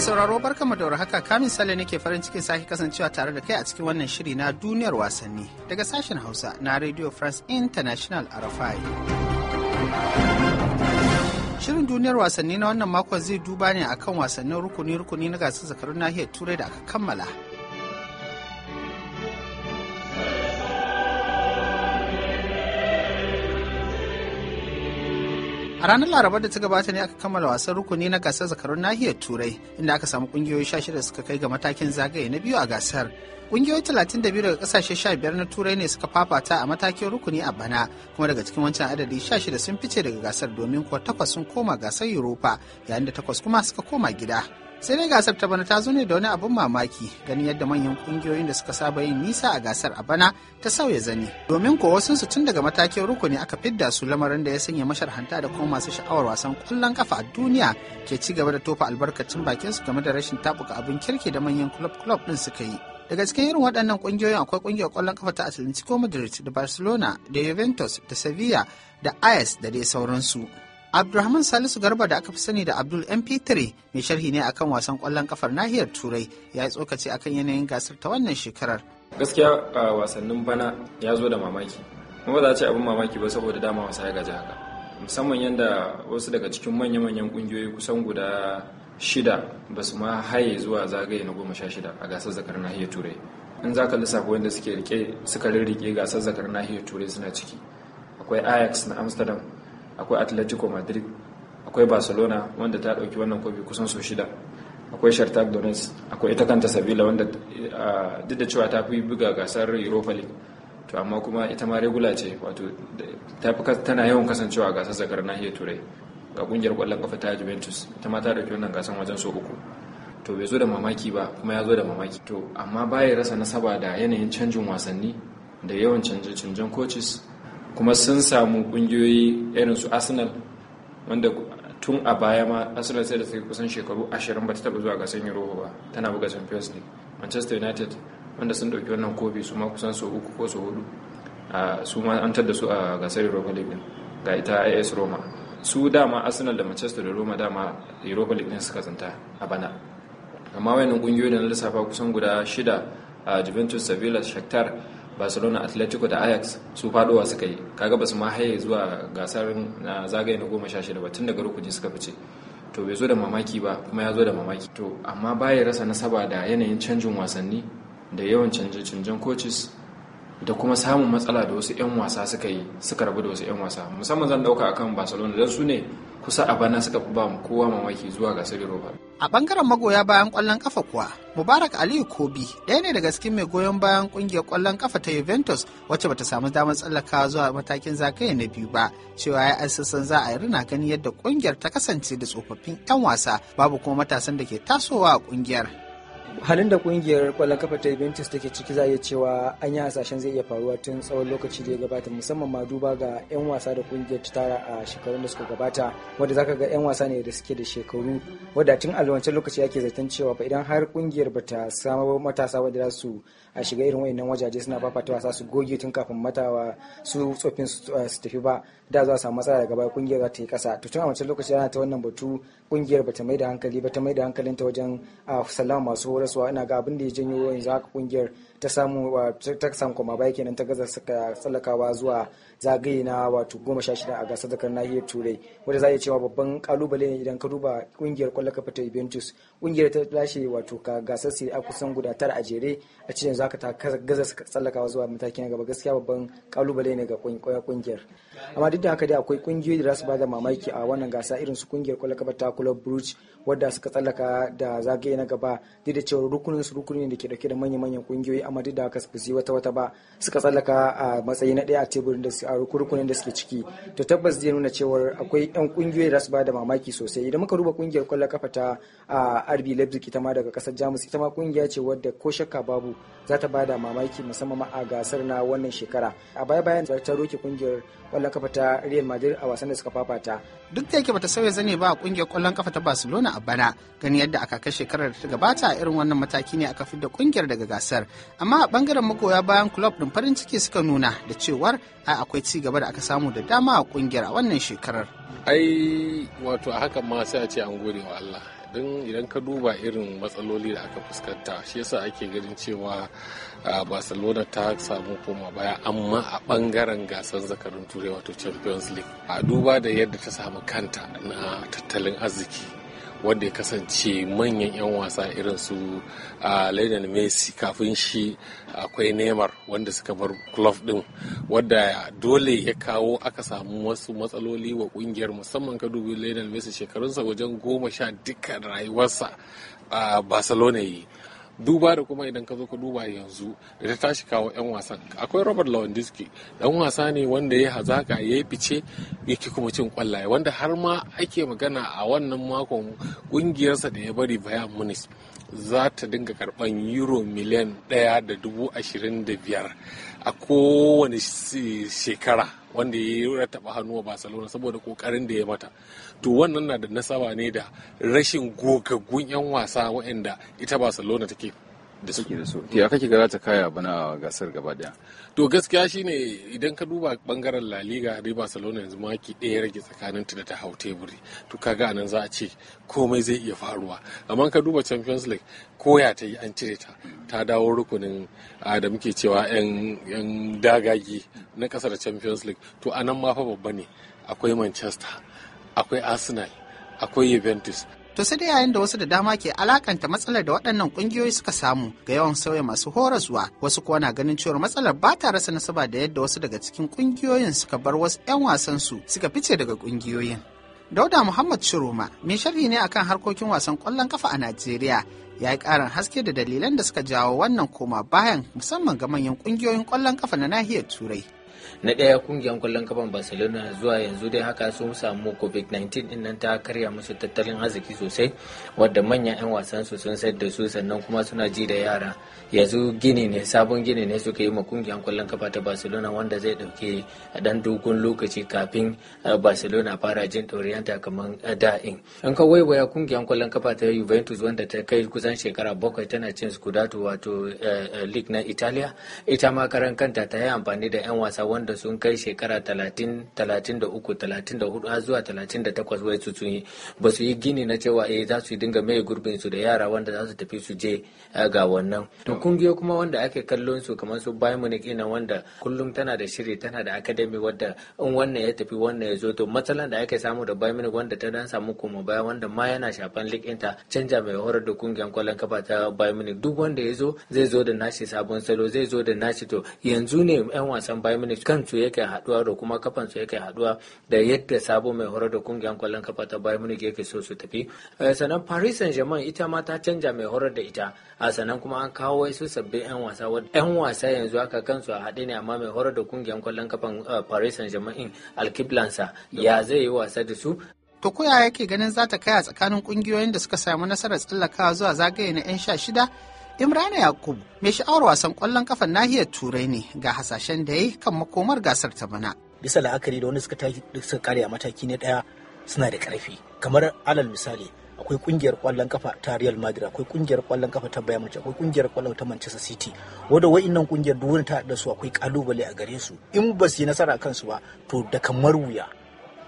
Mai sauraro barkanmu da haka kamin sale nake farin cikin sake kasancewa tare da kai a cikin wannan shiri na duniyar wasanni daga sashen Hausa na Radio France International a RFI. Shirin duniyar wasanni na wannan makon zai duba ne akan wasannin rukuni-rukuni na gasar zakarun nahiyar Turai da aka kammala. A ranar Laraba da ta gabata ne aka kammala wasan rukuni na gasar zakarun nahiyar Turai inda aka samu kungiyoyi 16 suka kai ga matakin zagaye na biyu a gasar. Kungiyoyi biyu daga kasashe 15 na Turai ne suka fafata a matakin rukuni a bana kuma daga cikin wancan adadi 16 sun fice daga gasar domin kuwa takwas sun koma gasar Europa yayin da takwas kuma suka koma gida. sai dai gasar ta bana ta zo ne da wani abin mamaki ganin yadda manyan kungiyoyin da suka saba yin nisa a gasar a bana ta sauya zane. domin ko wasu su tun daga matakin rukuni aka fidda su lamarin da ya sanya mashar hanta da kuma masu sha'awar wasan kwallon kafa a duniya ke ci gaba da tofa albarkacin bakin su game da rashin tabuka abin kirki da manyan club club din suka yi daga cikin irin waɗannan ƙungiyoyin akwai ƙungiyar ƙwallon kafa ta atlantico madrid da barcelona da juventus da sevilla da ayas da dai sauransu Abdulrahman Salisu Garba da aka fi sani da Abdul MP3 mai sharhi ne akan wasan kwallon kafar nahiyar Turai ya yi tsokaci akan yanayin gasar ta wannan shekarar. Gaskiya a wasannin bana ya zo da mamaki. Kuma ba za a ce abin mamaki ba saboda dama wasa ya gaji haka. Musamman yadda wasu daga cikin manya-manyan kungiyoyi kusan guda shida ba su ma haye zuwa zagaye na goma sha shida a gasar zakar nahiyar Turai. In za ka lissafa wanda suke rike suka rirrike gasar zakar nahiyar Turai suna ciki. Akwai Ajax na Amsterdam, akwai atletico madrid akwai barcelona wanda ta ɗauki wannan kofi kusan so shida akwai shartak donetsk akwai ita kanta sevilla wanda duk da cewa ta fi buga gasar europa league to amma kuma ita ma regular ce wato tana yawan kasancewa a gasar zakar nahiyar turai ga kungiyar kwallon kafa ta juventus ita ma ta dauki wannan gasar wajen so uku to bai zo da mamaki ba kuma ya zo da mamaki to amma baya rasa nasaba da yanayin canjin wasanni da yawan canje canjen coaches kuma sun samu kungiyoyi irin su arsenal wanda tun a baya ma arsenal sai da suke kusan shekaru 20 ba ta taba zuwa gasar europa ba tana buga champions league manchester united wanda sun dauki wannan kofi su ma kusan su uku ko su hudu su ma an tadda su a gasar europa league ga ita as roma su dama arsenal da manchester da roma dama europa league din suka zanta a bana amma wayannan kungiyoyi da na lissafa kusan guda shida a juventus sevilla shakhtar barcelona atletico da ajax su faduwa suka yi kaga ba su ma haye zuwa gasar na zagaye na goma sha shida ba tun daga rukuji suka fice to bai zo da mamaki ba kuma ya zo da mamaki to amma baya rasa nasaba da yanayin canjin wasanni da yawan canje-canjen coaches da kuma samun matsala da wasu 'yan wasa suka yi suka rabu da wasu 'yan wasa musamman zan dauka akan barcelona don su ne kusa a bana suka ba mu kowa mamaki zuwa gasar roba. A bangaren magoya bayan kwallon kafa kuwa, Mubarak Aliyu Kobi ɗaya ne daga cikin mai goyon bayan kungiyar kwallon kafa ta Juventus wacce bata samu damar tsallakawa zuwa matakin zakaya na biyu ba, cewa ya asusun za a yi rina gani yadda kungiyar ta kasance da tsofaffin 'yan wasa babu kuma matasan da ke tasowa a kungiyar. halin da kungiyar kwallon kafa ta Juventus take ciki za a iya cewa an yi hasashen zai iya faruwa tun tsawon lokaci da ya gabata musamman ma duba ga 'yan wasa da kungiyar ta tara a shekarun da suka gabata wadda zaka ga 'yan wasa ne da suke da shekaru wadda tun a wancan lokaci ake zaton cewa fa idan har kungiyar ba ta samu matasa wadda za su a shiga irin wayannan wajaje suna fafata wasa su goge tun kafin matawa su tsofin eh, su tafi ba da za su samu matsala daga baya kungiyar za ta yi kasa to tun a wancan lokaci ana ta wannan batu kungiyar ba ta mai da hankali ba ta mai da hankalinta wajen a salama masu horaswa ina ga abin da ya janyo yanzu haka kungiyar ta samu ta samu koma baya kenan ta gaza tsallakawa zuwa zagaye na wato goma sha shida a gasar da kan nahiyar turai wanda za a cewa babban kalubale ne idan ka duba kungiyar kwallon kafa ta juventus kungiyar ta lashe wato ka gasar sai a kusan guda tara a jere a cikin zaka ta gaza tsallakawa zuwa matakin gaba gaskiya babban kalubale ne ga kungiyar amma duk da haka dai akwai kungiyoyi da za su bada mamaki a wannan gasa irin su kungiyar kwallon kafa ta club bruce wadda suka tsallaka da zagaye na gaba duk da cewa rukunin su rukuni ne da ke dauke da manya-manyan kungiyoyi amma duk da haka ba su yi wata wata ba suka tsallaka a matsayi na ɗaya a teburin da a rukunin da suke ciki to tabbas zai nuna cewar akwai yan kungiyoyi da su ba da mamaki sosai idan muka duba kungiyar kwallon kafa ta RB Leipzig ita ma daga kasar Jamus ita ma kungiya ce wadda ko shakka babu za ta ba da mamaki musamman a gasar na wannan shekara a baya bayan ta roke kungiyar kwallon kafa ta Real Madrid a wasan da suka fafata duk da yake bata sauya zane ba a kungiyar kwallon kafa ta Barcelona a bana gani yadda a kakar shekarar da ta gabata irin wannan mataki ne aka fidda kungiyar daga gasar amma a bangaren magoya bayan club din farin ciki suka nuna da cewar a akwai ci gaba da aka samu da dama a kungiyar a wannan shekarar ai wato a hakan ma sai a ce an gode wa Allah don idan ka duba irin matsaloli da aka fuskanta shi yasa ake ganin cewa barcelona ta samu koma baya amma a bangaren gasar zakarun turai wato champions league a duba da yadda ta samu kanta na tattalin arziki wanda ya kasance manyan 'yan wasa irin su a Lionel Messi kafin shi akwai Neymar wanda suka bar club din wanda dole ya kawo aka samu wasu matsaloli wa kungiyar musamman ka dubi Lionel Messi shekarunsa wajen goma sha dukkan rayuwarsa a Barcelona yi duba da kuma idan ka zo ka duba yanzu da ta tashi kawo 'yan wasan akwai robert lewandowski dan wasa ne wanda ya hazaka ya yi fice ya yake kuma cin kwallaye wanda har ma ake magana a wannan makon kungiyarsa da ya bari bayan munis za ta dinga karban euro miliyan ɗaya da dubu ashirin a kowane shekara wanda ya yi rattaba hannu a barcelona saboda kokarin da ya mata to wannan na da nasaba ne da rashin gogaggun 'yan wasa waɗanda ita barcelona take da suke da su ya kake ga ta kaya bana gasar gaba daya to gaskiya shine idan ka duba bangaren la liga da barcelona yanzu maki ɗaya rage tsakanin ta da ta hau teburi to kaga anan za a ce komai zai iya faruwa amma ka duba champions league koya ta yi an cire ta ta dawo rukunin da muke cewa yan dagagi na kasar champions league to anan ma fa babba ne akwai manchester akwai arsenal akwai juventus To sai dai yayin da wasu da dama ke alakanta matsalar da waɗannan ƙungiyoyi suka samu ga yawan sauya masu horaswa, wasu kuwa na ganin cewar matsalar ba ta rasa nasaba da yadda wasu daga cikin ƙungiyoyin suka bar wasu 'yan wasan su suka fice daga ƙungiyoyin. Dauda Muhammad Shiroma, mai sharhi ne akan harkokin wasan ƙwallon kafa a Najeriya, ya yi ƙarin haske da dalilan da suka jawo wannan koma bayan musamman ga manyan ƙungiyoyin ƙwallon kafa na nahiyar Turai. na ɗaya kungiyar kwallon kafan barcelona zuwa yanzu dai haka sun samu covid-19 din nan ta karya musu tattalin arziki sosai wadda manyan 'yan wasan su sun sayar da su sannan kuma suna ji da yara yanzu gini ne sabon gini ne suka yi ma kungiyar kwallon kafa ta barcelona wanda zai ɗauke dan dogon lokaci kafin eh, barcelona fara jin ɗoriyanta kamar eh, da'in in ka waiwaya kungiyar kwallon kafa ta juventus wanda ta kai kusan shekara bakwai tana cin scudato wato eh, league na italiya ita ma karan kanta ta yi amfani da 'yan wasa wanda sun kai shekara 33 34 zuwa 38 wai su sun yi ba su yi gini na cewa eh za su dinga mai gurbin su da yara wanda za su tafi su je eh, ga wannan to kungiyo kuma wanda ake kallon su kamar su bayan Munich ina wanda kullum tana da shiri tana da academy wadda in wannan ya tafi wannan ya zo to matsalan da ake samu da bayan Munich wanda ta dan samu kuma baya wanda ma yana shafan league ta canja mai horar da kungiyar kwallon kafa ta bayan Munich duk wanda ya zo zai zo da nashi sabon salo zai zo da nashi to yanzu ne yan wasan bayan kansu yake haduwa da kuma kafansu yake haduwa da yadda sabo mai horar da kungiyar kwallon kafa ta bayan Munich yake so su tafi eh, sanan Paris Saint-Germain ita ma ta canja mai horar da ita a sannan kuma an kawo wasu sabbin yan wasa yan wasa yanzu aka kansu a haɗe ne amma mai horar da kungiyar kwallon kafan eh, Paris Saint-Germain Alkiblansa ya zai yi wasa da su to koya yake ganin za ta kai a tsakanin kungiyoyin da suka samu nasarar tsallakawa zuwa zagaye na 'yan sha shida Imrana Yakub mai sha'awar wasan kwallon kafan nahiyar Turai ne ga hasashen da ya kan makomar gasar ta bana. Bisa la'akari da wanda suka kare a mataki na ɗaya suna da ƙarfi. Kamar alal misali akwai kungiyar kwallon kafa ta Real Madrid akwai kungiyar kwallon kafa ta Bayern Munich akwai kungiyar kwallon ta Manchester City wanda wa'annan kungiyar duk wani ta da su akwai kalubale a gare su in ba su yi nasara kansu ba to da kamar wuya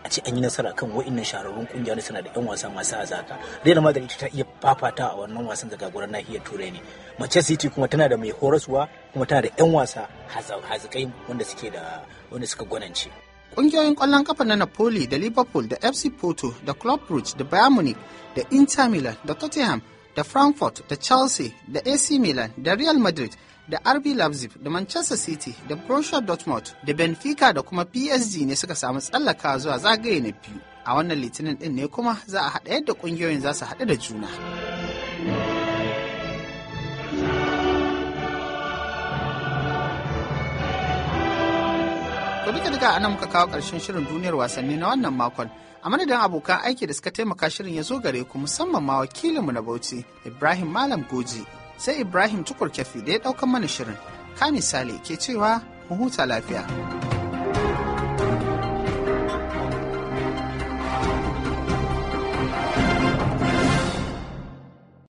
a ce an yi nasara kan wa'annan shahararrun kungiya suna da yan wasa masu hazaka Real Madrid ta iya fafata a wannan wasan daga gagarar nahiyar Turai ne Manchester City kuma tana da mai horaswa kuma tana da yan wasa hazikai wanda suke da wanda suka gwanance Ƙungiyoyin kwallon kafa na Napoli da Liverpool da FC Porto da Club Brugge da Bayern Munich da Inter Milan da Tottenham da Frankfurt da Chelsea da AC Milan da Real Madrid da RB Leipzig da Manchester City da Borussia Dortmund da Benfica da kuma PSG ne suka samu tsallaka zuwa zagaye na biyu. A wannan litinin din ne kuma za a haɗa yadda ƙungiyoyin za su haɗu da juna. Ku duka duka a nan muka kawo ƙarshen shirin duniyar wasanni na wannan makon. A madadin abokan aiki da suka taimaka shirin ya zo gare ku musamman ma wakilinmu na Bauchi Ibrahim Malam Goji sai Ibrahim Tukur Kefi da ya ɗaukan mana shirin. Ka misali ke cewa mu huta lafiya.